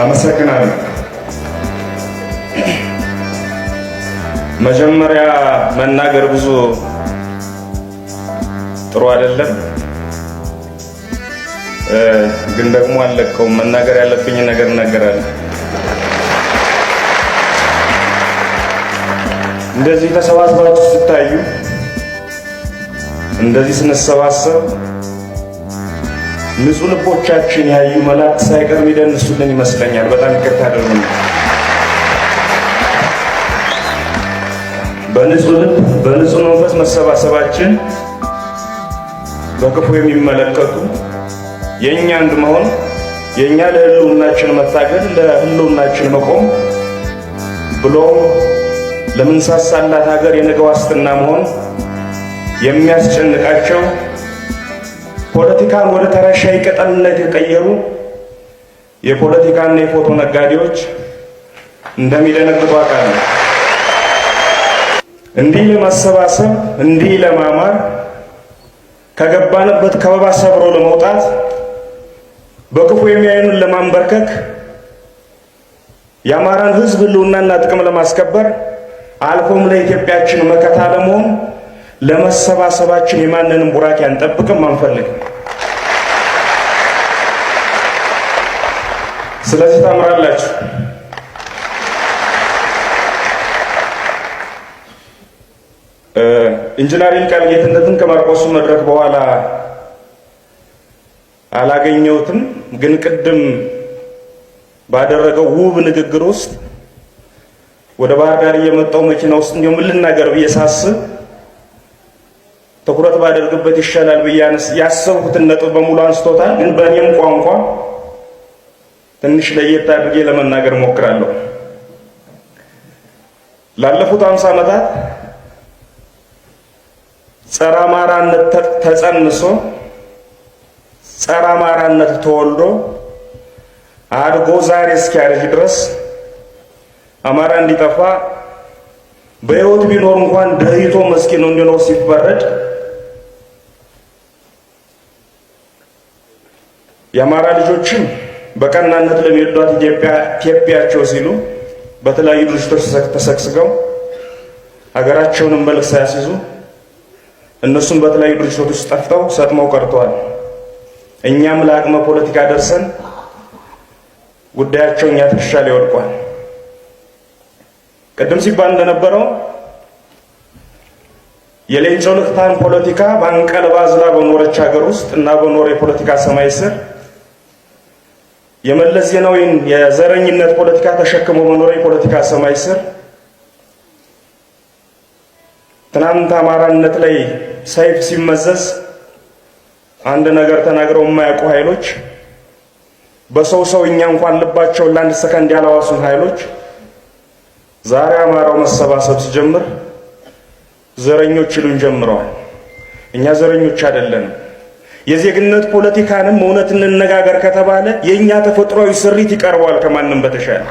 አመሰግናለሁ። መጀመሪያ መናገር ብዙ ጥሩ አይደለም፣ ግን ደግሞ አልለቀውም። መናገር ያለብኝ ነገር እናገራለሁ። እንደዚህ ተሰባስባችሁ ስታዩ እንደዚህ ስንሰባሰብ ንጹህ ልቦቻችን ያዩ መላእክት ሳይቀር የሚደንሱልን ይመስለኛል። በጣም ይቅርታ አድርጉኝ። በንጹህ ልብ በንጹህ መንፈስ መሰባሰባችን በክፉ የሚመለከቱ የእኛ አንድ መሆን የእኛ ለህልውናችን መታገል ለህልውናችን መቆም ብሎ ለምንሳሳላት ሀገር የነገ ዋስትና መሆን የሚያስጨንቃቸው ፖለቲካን ወደ ተራ ቅጠልነት የቀየሩ የፖለቲካና የፎቶ ነጋዴዎች እንደሚደነግጡ አውቃለሁ። እንዲህ ለማሰባሰብ እንዲህ ለማማር ከገባንበት ከበባ ሰብሮ ለመውጣት በክፉ የሚያዩንን ለማንበርከክ የአማራን ሕዝብ ህልውናና ጥቅም ለማስከበር አልፎም ለኢትዮጵያችን መከታ ለመሆን ለመሰባሰባችን የማንንም ቡራኬ አንጠብቅም፣ አንፈልግም። ስለዚህ ታምራላችሁ። ኢንጂነሪንግ ቃል ከማርቆሱ መድረክ በኋላ አላገኘሁትም፣ ግን ቅድም ባደረገው ውብ ንግግር ውስጥ ወደ ባህር ዳር እየመጣው መኪና ውስጥ እንዲሁ ምን ልናገር ብዬ ሳስብ ትኩረት ባደርግበት ይሻላል ብዬ ያሰብኩትን ነጥብ በሙሉ አንስቶታል። ግን በእኔም ቋንቋ ትንሽ ለየት አድርጌ ለመናገር ሞክራለሁ። ላለፉት አምሳ ዓመታት ጸረ አማራነት ተጸንሶ ጸረ አማራነት ተወልዶ አድጎ ዛሬ እስኪያረጅ ድረስ አማራ እንዲጠፋ በሕይወት ቢኖር እንኳን ደህይቶ መስኪን እንዲኖር ሲፈረድ የአማራ ልጆችን በቀናነት ለሚወዷት ኢትዮጵያ ኢትዮጵያቸው ሲሉ በተለያዩ ድርጅቶች ተሰግስገው ሀገራቸውንም መልክ ሳያስይዙ እነሱም በተለያዩ ድርጅቶች ውስጥ ጠፍተው ሰጥመው ቀርተዋል። እኛም ለአቅመ ፖለቲካ ደርሰን ጉዳያቸው እኛ ትከሻ ላይ ወድቋል። ቅድም ሲባል እንደነበረው የሌንጮ ልክታን ፖለቲካ በአንቀልባ ዝላ በኖረች ሀገር ውስጥ እና በኖረ የፖለቲካ ሰማይ ስር የመለስ ዜናዊን የዘረኝነት ፖለቲካ ተሸክሞ መኖር የፖለቲካ ሰማይ ስር ትናንት አማራነት ላይ ሰይፍ ሲመዘዝ አንድ ነገር ተናግረው የማያውቁ ኃይሎች በሰው ሰው እኛ እንኳን ልባቸውን ለአንድ ሰከንድ ያለዋሱን ኃይሎች ዛሬ አማራው መሰባሰብ ሲጀምር ዘረኞች ይሉን ጀምረዋል። እኛ ዘረኞች አይደለንም። የዜግነት ፖለቲካንም እውነት እንነጋገር ከተባለ የእኛ ተፈጥሯዊ ስሪት ይቀርቧል ከማንም በተሻለ።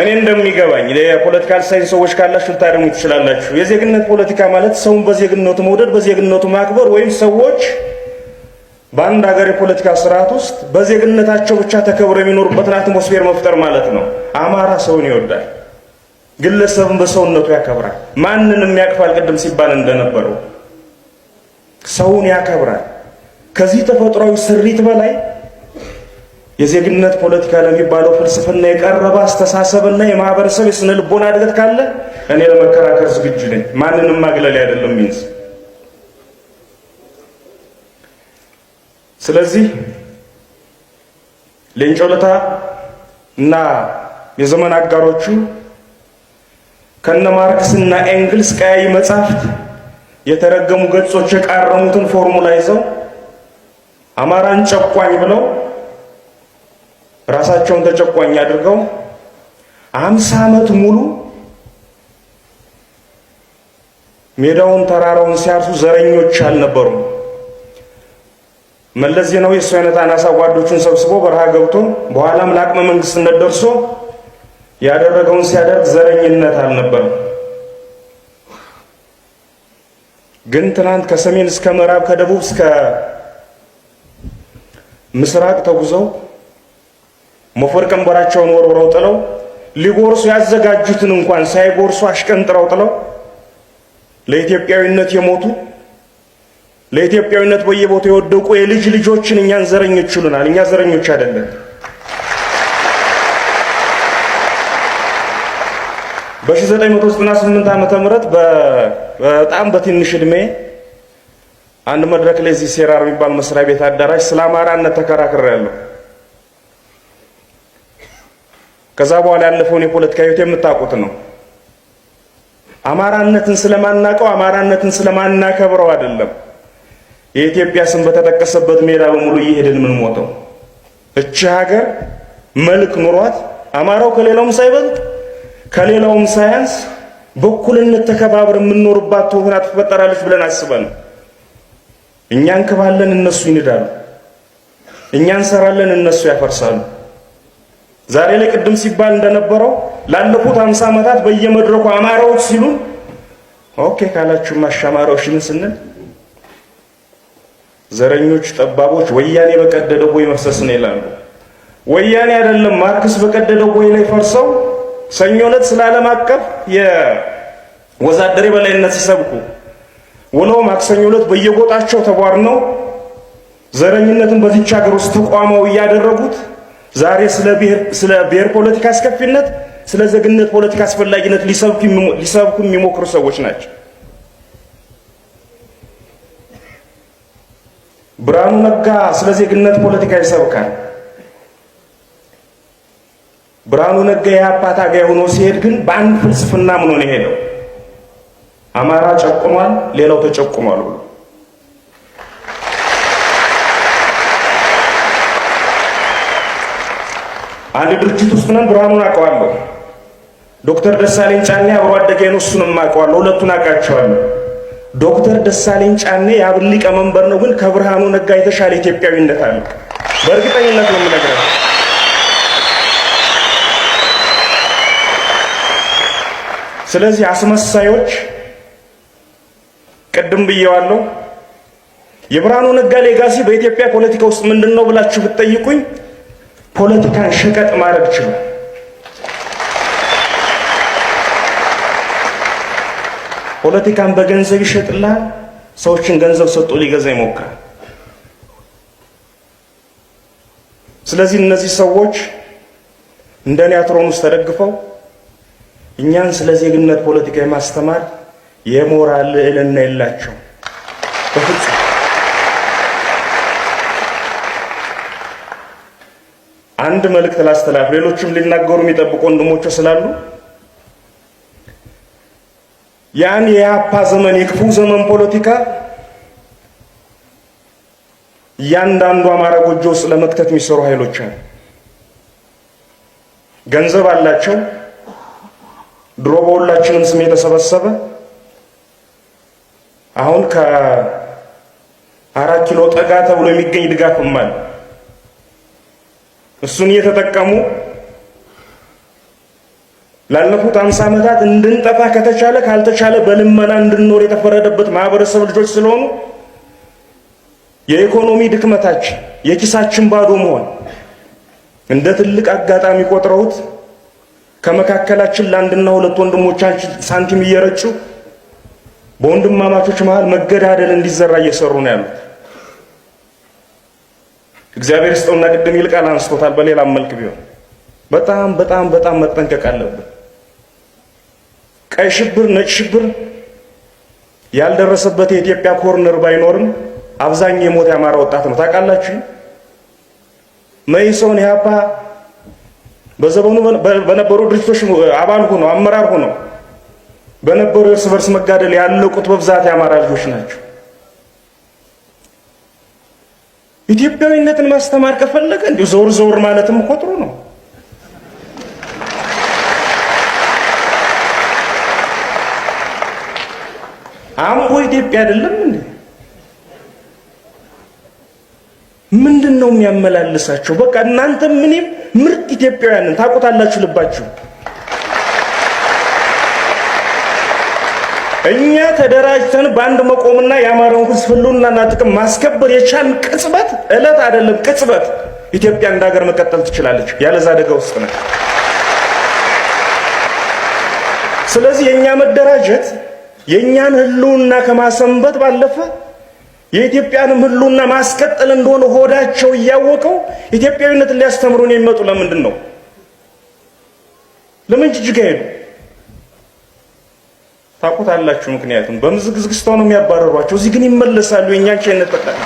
እኔ እንደሚገባኝ የፖለቲካል ሳይንስ ሰዎች ካላችሁ ልታደሙ ትችላላችሁ። የዜግነት ፖለቲካ ማለት ሰውን በዜግነቱ መውደድ፣ በዜግነቱ ማክበር ወይም ሰዎች በአንድ ሀገር የፖለቲካ ስርዓት ውስጥ በዜግነታቸው ብቻ ተከብረው የሚኖሩበትን አትሞስፌር መፍጠር ማለት ነው። አማራ ሰውን ይወዳል። ግለሰብን በሰውነቱ ያከብራል። ማንንም ያቅፋል። ቅድም ሲባል እንደነበረው ሰውን ያከብራል። ከዚህ ተፈጥሯዊ ስሪት በላይ የዜግነት ፖለቲካ ለሚባለው ፍልስፍና የቀረበ አስተሳሰብና የማህበረሰብ የስነ ልቦና እድገት ካለ እኔ ለመከራከር ዝግጁ ነኝ። ማንንም ማግለል አይደለም ሚንስ። ስለዚህ ሌንጮ ለታ እና የዘመን አጋሮቹ ከነ ማርክስና ኤንግልስ ቀያይ መጽሐፍት የተረገሙ ገጾች የቃረሙትን ፎርሙላ ይዘው አማራን ጨቋኝ ብለው ራሳቸውን ተጨቋኝ አድርገው አምሳ ዓመት ሙሉ ሜዳውን ተራራውን ሲያርሱ ዘረኞች አልነበሩም። መለስ ዜናዊ የሱ አይነት አናሳ ጓዶቹን ሰብስቦ በረሃ ገብቶ በኋላም ለአቅመ መንግስትነት ደርሶ ያደረገውን ሲያደርግ ዘረኝነት አልነበረም። ግን ትናንት ከሰሜን እስከ ምዕራብ ከደቡብ እስከ ምስራቅ ተጉዘው ሞፈር ቀንበራቸውን ወርውረው ጥለው ሊጎርሱ ያዘጋጁትን እንኳን ሳይጎርሱ አሽቀንጥረው ጥለው ለኢትዮጵያዊነት የሞቱ ለኢትዮጵያዊነት በየቦታው የወደቁ የልጅ ልጆችን እኛን ዘረኞች ይሉናል። እኛ ዘረኞች አይደለም። በ1998 ዓመተ ምህረት በጣም በትንሽ እድሜ አንድ መድረክ ላይ እዚህ ሴራር የሚባል መስሪያ ቤት አዳራሽ ስለ አማራነት ያለው። ከዛ በኋላ ያለፈውን የፖለቲካ ህይወት የምታውቁት ነው። አማራነትን ስለማናቀው አማራነትን ስለማናከብረው አይደለም። የኢትዮጵያ ስም በተጠቀሰበት ሜዳ በሙሉ እየሄድን ምን ሞተው እቺ ሀገር መልክ ኑሯት አማራው ከሌላውም ሳይበልጥ ከሌላውም ሳያንስ በኩልነት ተከባብር የምንኖርባት ትሆና ትፈጠራለች ብለን አስበን እኛ እንክባለን፣ እነሱ ይንዳሉ። እኛ እንሰራለን፣ እነሱ ያፈርሳሉ። ዛሬ ላይ ቅድም ሲባል እንደነበረው ላለፉት ሃምሳ ዓመታት በየመድረኩ አማራዎች ሲሉ ኦኬ ካላችሁ አሻማራዎች ምን ስንል ዘረኞች፣ ጠባቦች ወያኔ በቀደደው ቦይ መፍሰስ ነው ይላሉ። ወያኔ አይደለም ማርክስ በቀደደው ቦይ ላይ ፈርሰው ሰኞ ዕለት ስለ ዓለም አቀፍ የወዛደር የበላይነት ሲሰብኩ ውሎ ማክሰኞ ዕለት በየጎጣቸው ተቧድነው ዘረኝነትን በዚች ሀገር ውስጥ ተቋማዊ እያደረጉት ዛሬ ስለ ብሔር ፖለቲካ አስከፊነት፣ ስለ ዜግነት ፖለቲካ አስፈላጊነት ሊሰብኩ የሚሞክሩ ሰዎች ናቸው። ብርሃኑ ነጋ ስለ ዜግነት ፖለቲካ ይሰብካል። ብርሃኑ ነጋ የኢህአፓ ታጋይ ሆኖ ሲሄድ ግን በአንድ ፍልስፍና ምን ሆነ የሄደው አማራ ጨቁሟል፣ ሌላው ተጨቁሟል ብሎ አንድ ድርጅት ውስጥ ነን። ብርሃኑን አውቀዋለሁ። ዶክተር ደሳለኝ ጫኔ አብሮ አደጌ ነው። እሱንም አውቀዋለሁ። ሁለቱን አውቃቸዋለሁ። ዶክተር ደሳለኝ ጫኔ የአብን ሊቀመንበር ነው፣ ግን ከብርሃኑ ነጋ የተሻለ ኢትዮጵያዊነት አለ። በእርግጠኝነት ነው የምነግረው። ስለዚህ አስመሳዮች ቅድም ብየዋለሁ። የብርሃኑ ነጋ ሌጋሲ በኢትዮጵያ ፖለቲካ ውስጥ ምንድን ነው ብላችሁ ብትጠይቁኝ ፖለቲካን ሸቀጥ ማድረግ ችሉ? ፖለቲካን በገንዘብ ይሸጥላ ሰዎችን ገንዘብ ሰጥቶ ሊገዛ ይሞክራል። ስለዚህ እነዚህ ሰዎች እንደ ኒያትሮን ውስጥ ተደግፈው እኛን ስለ ዜግነት ፖለቲካ የማስተማር የሞራል ልዕልና የላቸው በፍጹም። አንድ መልእክት ላስተላልፍ። ሌሎችም ሊናገሩ የሚጠብቁ ወንድሞች ስላሉ ያን የአፓ ዘመን የክፉ ዘመን ፖለቲካ እያንዳንዱ አማራ ጎጆ ውስጥ ለመክተት የሚሰሩ ኃይሎች አሉ። ገንዘብ አላቸው ድሮ በሁላችንም ስም የተሰበሰበ አሁን ከአራት ኪሎ ጠጋ ተብሎ የሚገኝ ድጋፍም አለ። እሱን እየተጠቀሙ ላለፉት አምሳ ዓመታት እንድንጠፋ ከተቻለ ካልተቻለ በልመና እንድንኖር የተፈረደበት ማህበረሰብ ልጆች ስለሆኑ የኢኮኖሚ ድክመታችን የኪሳችን ባዶ መሆን እንደ ትልቅ አጋጣሚ ቆጥረውት ከመካከላችን ለአንድና ሁለት ወንድሞቻችን ሳንቲም እየረጩ በወንድማማቾች መሃል መገዳደል እንዲዘራ እየሰሩ ነው ያሉት። እግዚአብሔር ስጠውና ቅድም ይልቃል አንስቶታል። በሌላም መልክ ቢሆን በጣም በጣም በጣም መጠንቀቅ አለብን። ቀይ ሽብር፣ ነጭ ሽብር ያልደረሰበት የኢትዮጵያ ኮርነር ባይኖርም አብዛኛው የሞት ያማራ ወጣት ነው። ታውቃላችሁ መይሶን ያፓ በዘመኑ በነበሩ ድርጅቶች አባል ሆነው አመራር ሆነው በነበሩ የእርስ በርስ መጋደል ያለቁት በብዛት የአማራ ልጆች ናቸው። ኢትዮጵያዊነትን ማስተማር ከፈለገ እንዲሁ ዘውር ዘውር ማለትም እኮ ጥሩ ነው። አምቦ ኢትዮጵያ አይደለም እንዴ? ምንድን ነው የሚያመላልሳቸው? በቃ እናንተም ምንም ምርጥ ኢትዮጵያውያንን ታውቁታላችሁ ልባችሁ እኛ ተደራጅተን በአንድ መቆምና የአማራውን ሕዝብ ህልውናና ጥቅም ማስከበር የቻን ቅጽበት እለት አይደለም ቅጽበት ኢትዮጵያ እንደ ሀገር መቀጠል ትችላለች። ያለዛ አደጋ ውስጥ ነው። ስለዚህ የእኛ መደራጀት የእኛን ህልውና ከማሰንበት ባለፈ የኢትዮጵያንም ህልውና ማስቀጠል እንደሆነ ሆዳቸው እያወቀው ኢትዮጵያዊነትን ሊያስተምሩን የሚመጡ ለምንድን ነው? ለምን ጅጅጋ ሄዱ? ታውቁታላችሁ። ምክንያቱም በምዝግዝግስቷ ነው የሚያባረሯቸው። እዚህ ግን ይመለሳሉ። የእኛን ቻይነት ጠቃሚ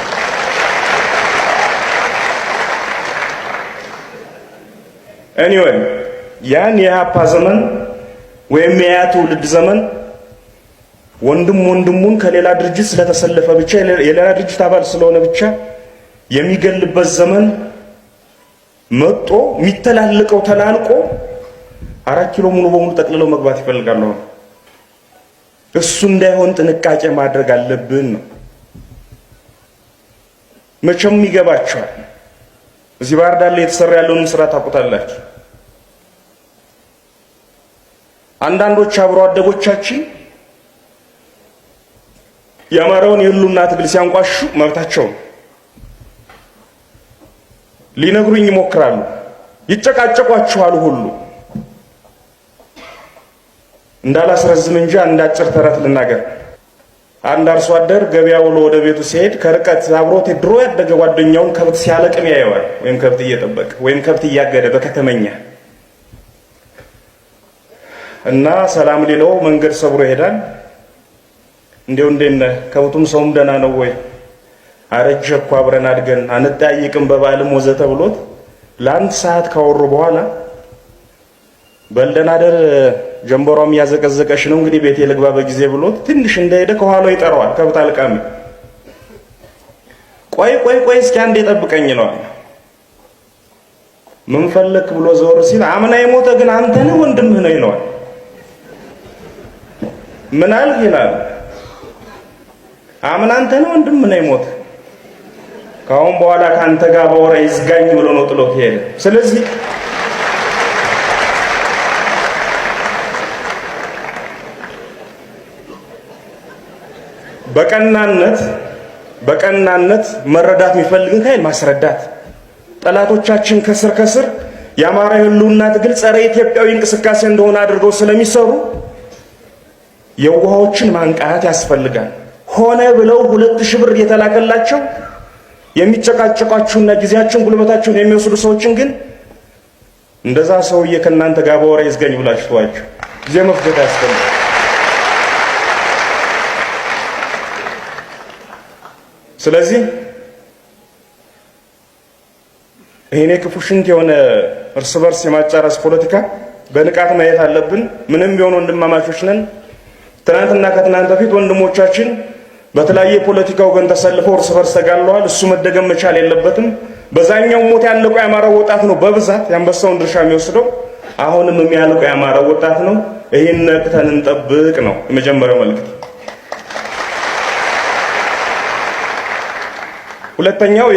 ኤኒዌይ ያን የሀፓ ዘመን ወይም የያ ትውልድ ዘመን ወንድም ወንድሙን ከሌላ ድርጅት ስለተሰለፈ ብቻ የሌላ ድርጅት አባል ስለሆነ ብቻ የሚገልበት ዘመን መጦ የሚተላልቀው ተላልቆ አራት ኪሎ ሙሉ በሙሉ ጠቅልለው መግባት ይፈልጋሉ። እሱ እንዳይሆን ጥንቃቄ ማድረግ አለብን ነው። መቼም ይገባቸዋል። እዚህ ባህር ዳር ላይ የተሰራ ያለውን ስራ ታውቁታላችሁ። አንዳንዶች አብሮ አደጎቻችን የአማራውን የህሉና ትግል ሲያንቋሹ መብታቸው ሊነግሩኝ ይሞክራሉ። ይጨቃጨቋችኋሉ ሁሉ እንዳላስረዝም እንጂ አንድ አጭር ተረት ልናገር። አንድ አርሶ አደር ገበያ ውሎ ወደ ቤቱ ሲሄድ ከርቀት አብሮት ድሮ ያደገ ጓደኛውን ከብት ሲያለቅም ያየዋል። ወይም ከብት እየጠበቀ ወይም ከብት እያገደ በከተመኛ እና ሰላም ሊለው መንገድ ሰብሮ ይሄዳል። እንዲሁ እንዴት ነህ? ከብቱም ሰውም ደህና ነው ወይ? አረጀ እኮ አብረን አድገን አንጠያይቅም በበዓልም ወዘተ ብሎት ለአንድ ሰዓት ካወሩ በኋላ በልደናደር ደህና ጀንበሯም እያዘቀዘቀሽ ነው፣ እንግዲህ ቤቴ ልግባ በጊዜ ብሎት ትንሽ እንደሄደ ከኋላው ይጠራዋል። ከብት አልቃሚ ቆይ ቆይ ቆይ እስኪ አንዴ ጠብቀኝ ይለዋል። ምን ፈለክ ብሎ ዞር ሲል አምና የሞተ ግን አንተ ነህ ወንድምህ ነው ይለዋል። ምን አልህ ይላል አምና አንተ ነው ወንድም ነው የሞት ካሁን በኋላ ካንተ ጋር ባወራ ይዝጋኝ ብሎ ነው ጥሎት ሄደ። ስለዚህ በቀናነት በቀናነት መረዳት የሚፈልግን ኃይል ማስረዳት ጠላቶቻችን ከስር ከስር የአማራ የህልውና ትግል ጸረ ኢትዮጵያዊ እንቅስቃሴ እንደሆነ አድርገው ስለሚሰሩ የውሃዎችን ማንቃት ያስፈልጋል። ሆነ ብለው ሁለት ሺህ ብር የተላከላቸው የሚጨቃጨቋችሁና ጊዜያችሁን ጉልበታችሁን የሚወስዱ ሰዎችን ግን እንደዛ ሰውዬ ከእናንተ ጋር በወሬ ይዝገኝ ብላችሁ ተዋችሁ። ጊዜ መፍጀት አያስፈልግም። ስለዚህ ይሄኔ ክፉ ሽንት የሆነ እርስ በርስ የማጫረስ ፖለቲካ በንቃት ማየት አለብን። ምንም ቢሆን ወንድማማቾች ነን። ትናንትና ከትናንት በፊት ወንድሞቻችን በተለያየ የፖለቲካ ወገን ተሰልፈው እርስ በርስ ተጋድለዋል። እሱ መደገም መቻል የለበትም። በዛኛው ሞት ያለቀው የአማራው ወጣት ነው በብዛት የአንበሳውን ድርሻ የሚወስደው። አሁንም የሚያልቀው የአማራው ወጣት ነው። ይህን ነቅተን እንጠብቅ ነው የመጀመሪያው መልእክት። ሁለተኛው